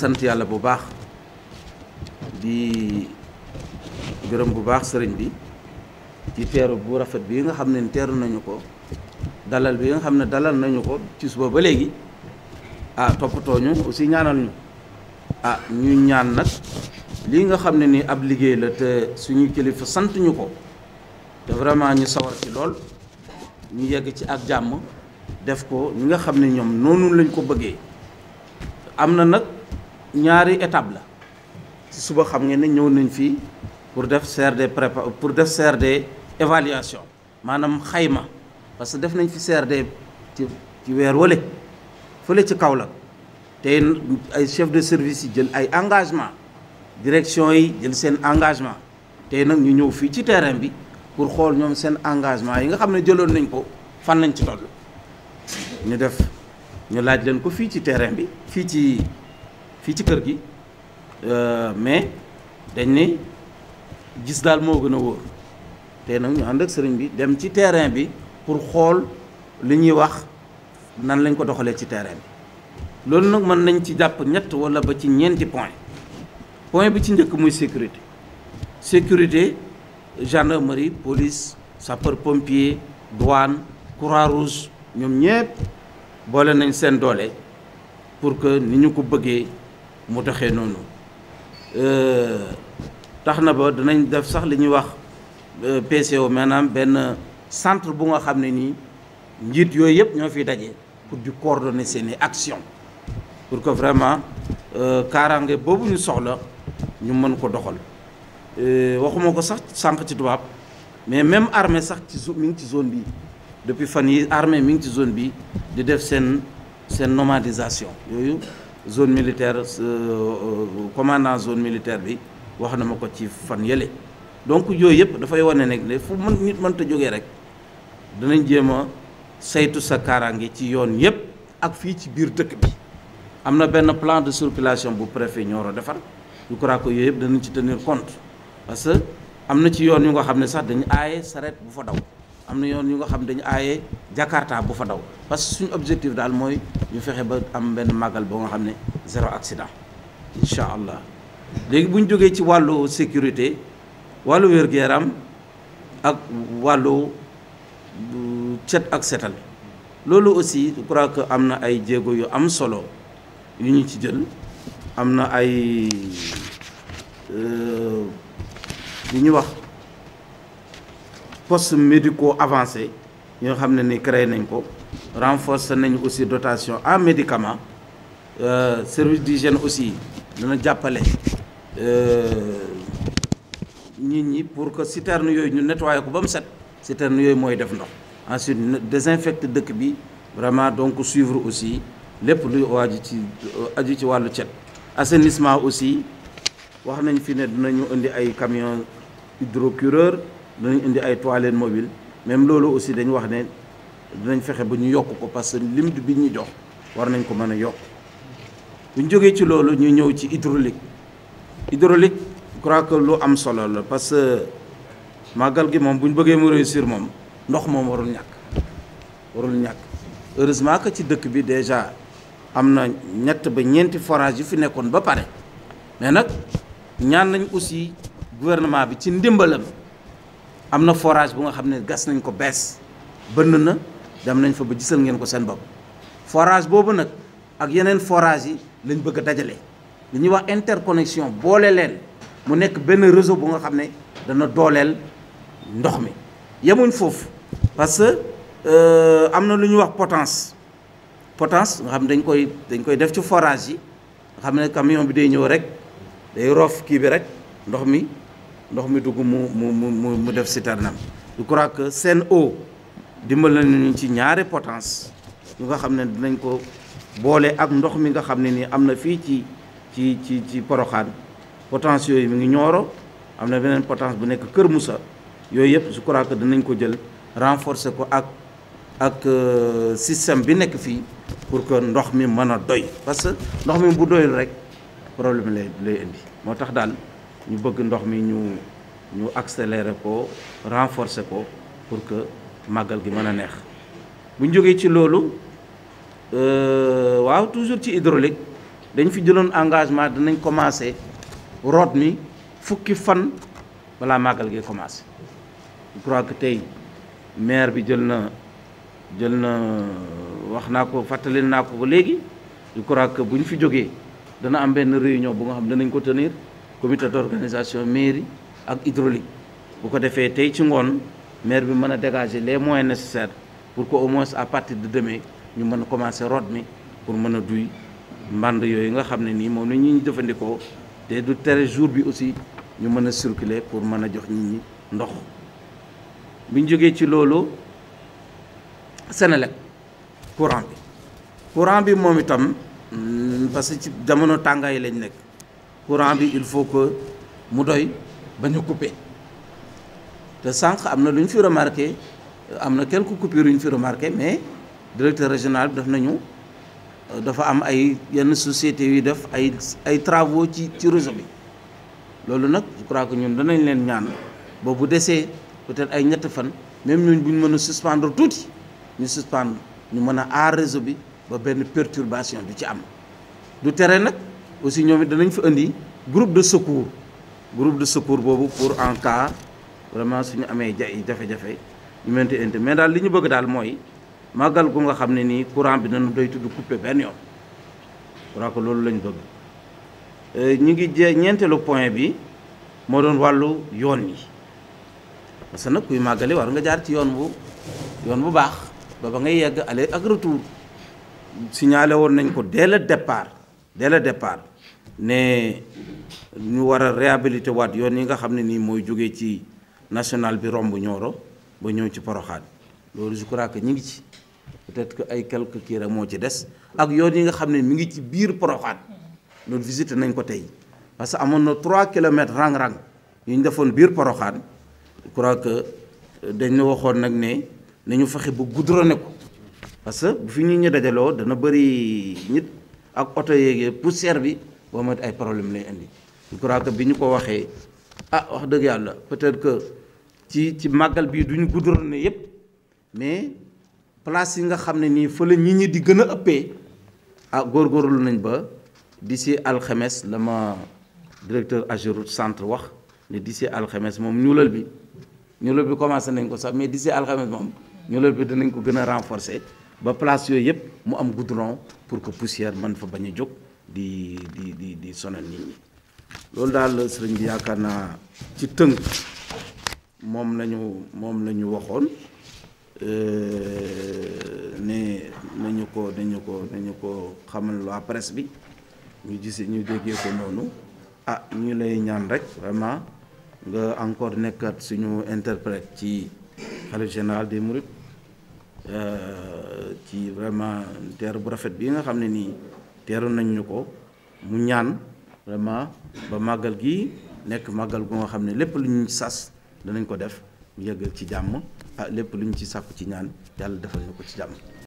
sant yàlla bu baax di gërëm bu baax sëriñ bi ci teeru bu rafet bi nga xam ne teeru nañu ko dalal bi nga xam ne dalal nañu ko ci suba ba léegi ah toppatoo ñu aussi ñaanal ñu ah ñu ñaan nag lii nga xam ne ni ab liggéey la te suñu kilifa sant ñu ko te vraiment ñu sawar ci lool ñu yegg ci ak jàmm def ko ñi nga xam ne ñoom noonu lañ ko bëggee am na nag. ñaari étape la ci suba xam ngeen ne ñëw nañ fii pour def CRD prépa pour def CRD évaluation maanaam xayma parce que def nañ fi CRD ci ci weer wële fële ci Kaolack te ay chef de service yi jël ay engagement direction yi jël seen engagement tey nag ñu ñëw fii ci terrain bi pour xool ñoom seen engagement yi nga xam ne jëloon nañ ko fan lañ ci toll ñu def ñu laaj leen ko fii ci terrain bi fii ci fii ci kër gi euh, mais dañ ne gis daal moo gën a wóor te nag ñu ànd ak sëriñ bi dem ci terrain bi pour xool li ñuy wax nan lañ ko doxalee ci terrain bi loolu nag mën nañ ci jàpp ñett walla ba ci ñeenti point point bi ci njëkk muy sécurité sécurité gendarmerie police sapeur pompier douane croix rouge ñoom ñëpp boole nañ seen doole pour que ni ñu ko bëggee mu doxee noonu euh, tax na ba danañ def sax li ñuy wax euh, PCO maanaam benn centre bu nga xam ne nii njiit yooyu yëpp ñoo fiy daje pour di coordonner seeni action pour que vraiment euh, kaaraange boobu ñu soxla ñu mën ko doxal waxuma ko sax sànq ci tubaab mais même armée sax ci zone mi ngi ci zone bi depuis fan yi armée mi ngi ci zone bi di def seen seen nomadisation yooyu zone militaire euh, euh, commandant zone militaire bi wax na ma ko ci fan yële donc yooyu yëpp dafay wane nekk ne fu mën nit mënta jógee rek danañ jéem a saytu sa kaaraange ci yoon yëpp ak fii ci biir dëkk bi am na benn plan de circulation bu préfet Nioro defar je crois que yooyu yëpp danañ ci tenir compte parce que am na ci yoon yu nga xam ne sax dañu aaye saret bu fa daw am na yoon yu nga xam ne dañu aaye jakarta bu fa daw parce que suñu objectif daal mooy ñu fexe ba am benn màggal boo nga xam ne zéro accident incha allah léegi bu ñu jógee ci wàllu sécurité wàllu wér-gu-yaram ak wàllu cet ak setal loolu aussi je crois que am na ay jéego yu am solo yu ñu ci jël am na ay euh, yu ñu wax poste médicaux avancé ñoo xam ne ni créé nañ ko renforcer nañu aussi dotation en médicaments euh, service d'hygiène aussi dana jàppale euh, nit ñi pour que citerne yooyu ñu nettoyer ko ba mu set citerne yooyu mooy def ndox ensuite désinfecte dëkk bi vraiment donc suivre aussi lépp luy waaju ci aju ci wàllu cet assainissement aussi wax nañ fi ne dinañu indi ay camion hydrocureur ñu indi ay toilettes mobiles même loolu aussi dañu wax ne dinañ fexe ba ñu yokk ko parce que lim bi ñu jox war nañ ko mën a yokk bu ñu jógee ci loolu ñu ñëw ci hydraulique hydraulique je crois que lu am solo la parce que màggal gi moom bu ñu bëggee mu réussir moom ndox moom warul ñàkk warul ñàkk heureusement que ci dëkk bi déjà am na ñett ba ñeenti forage yu fi nekkoon ba pare mais nag ñaan nañ aussi gouvernement bi ci ndimbalam am na forage bu nga xam ne gas nañ ko bees bënn na dem nañ fa ba gisal ngeen ko seen bopp forage boobu nag ak yeneen forage yi lañ bëgg a dajale lu ñuy wax interconnexion boole leen mu nekk benn réseau bu nga xam ne dana dooleel ndox mi yemuñ foofu parce que euh, am na lu ñuy wax potence potence nga xam dañ koy dañ koy def ci forage yi nga xam ne camion bi day ñëw rek day roof kii bi rek ndox mi ndox mi dugg mu mu mu mu def citerne am je crois que seen Sen'Eau dimbal nañu ci ñaari potence yu nga xam ne dinañ ko boole ak ndox mi nga xam ne nii am na fii ci ci ci ci Porokhane potence yooyu mi ngi Nioro am na beneen potence bu nekk Kër Moussa yooyu yëpp su crois dinañ ko jël renforcer ko ak ak euh, système bi nekk fii pour que ndox mi mën a doy parce que ndox mi bu doyul rek problème lay indi moo tax daal ñu bëgg ndox mi ñu ñu accélérer ko renforcer ko pour que màggal gi mën a neex bu ñu jógee ci loolu euh, waaw toujours ci hydraulique dañ fi jëloon engagement dinañ commencé root mi fukki fan balaa màggal gi commencé je crois que tey maire bi jël na jël na wax naa ko fàttali naa ko ba léegi je crois que bu ñu fi jógee dana am benn réunion bu nga xam danañ ko tenir comité d'organisation mairie ak hydraulique bu ko defee tey ci ngoon maire bi mën a dégager les moyens nécessaires pour que au moins à partir de demain ñu mën a commencer root mi pour mën a duy mbànd yooyu nga xam ne nii moom la ñuy jëfandikoo te du tere jour bi aussi ñu mën a circuler pour mën a jox nit ñi ndox bi ñu jógee ci loolu Senelec courant bi courant bi moom itam mm, parce que ci jamono tàngaay lañ nekk courant bi il faut que mu doy ba ñu couper te sànq am na lu ñu fi remarqué am na quelques coupures yu ñu fi remarqué mais directeur régional bi daf nañu euh, dafa am ay yenn société yuy def ay ay travaux ci ci réseau bi loolu nag je crois que ñun danañ leen ñaan boobu desee peut-être ay ñett fan même ñun bu ñu mën a suspendre tuuti ñu suspendre ñu mën a aar réseau bi ba benn perturbation du ci am du tere nag aussi ñoom it danañ fa indi groupe de secours groupe de secours boobu pour en cas vraiment su ñu amee ja jafe-jafe ñu mënti indi mais daal li ñu bëgg daal mooy màggal gu nga xam ne nii courant bi nañu doy tudd coupé benn yoon courant ko loolu lañ bëgg euh, ñu ngi jee ñeenteelu point bi moo doon wàllu yoon yi parce que nag kuy màggali war nga jaar ci yoon bu yoon bu baax ba ba ngay yegg aller ak siñaale woon nañ ko dès le départ dès le départ ne ñu war a réhabilité waat yoon yi nga xam ne nii mooy jóge ci national bi romb Nioro ba ñëw ci Porokhane loolu je crois que ñu ngi ci peut-être ay quelques kii rek moo ci des ak yoon yi nga xam ne mi ngi ci biir Porokhane loolu visité nañ ko tey parce que amoon na trois kilomètres rang-rang yu ñu defoon biir Porokhane je crois que euh, dañ la waxoon nag ne nañu fexe ba ne ko parce que bu fi ñu ñu dajaloo dana bëri nit ak oto yeeg poussière bi boo mat ay problème lay indi je crois bi ñu ko waxee ah wax dëgg yàlla peut-être que ci ci màggal bii duñu guddoon ne yépp mais place yi nga xam ne nii fa la nit di gën a ëppee ah góor góorlu nañ ba di si alxemes la ma directeur Ageroute centre wax ne si alxemes moom ñuulal bi ñuulal bi commencé nañ ko sax mais d'ici alxames moom ñuulal bi danañ ko gën a renforcer ba place yooyu yépp mu am goudron pour que poussière man fa bañ a jóg di di di di sonal nit ñi loolu daal sëriñ bi yaakaar naa ci tënk moom lañu moom lañu ñu waxoon euh, ne nañu ko nañu ko nañu ko xamal waa presse bi ñu gisee ñu déggee ko noonu ah ñu lay ñaan rek vraiment nga encore nekkat suñu interprète ci xalif général des mourides euh, ci vraiment teer bu rafet bi nga xam ne nii teeru nañ ñu ko mu ñaan vraiment ba màggal gi nekk màggal gu nga xam ne lépp lu ñu sas danañ ko def mu ci jàmm ah lépp lu ñu ci sàkku ci ñaan yàlla defal ñu ko ci jàmm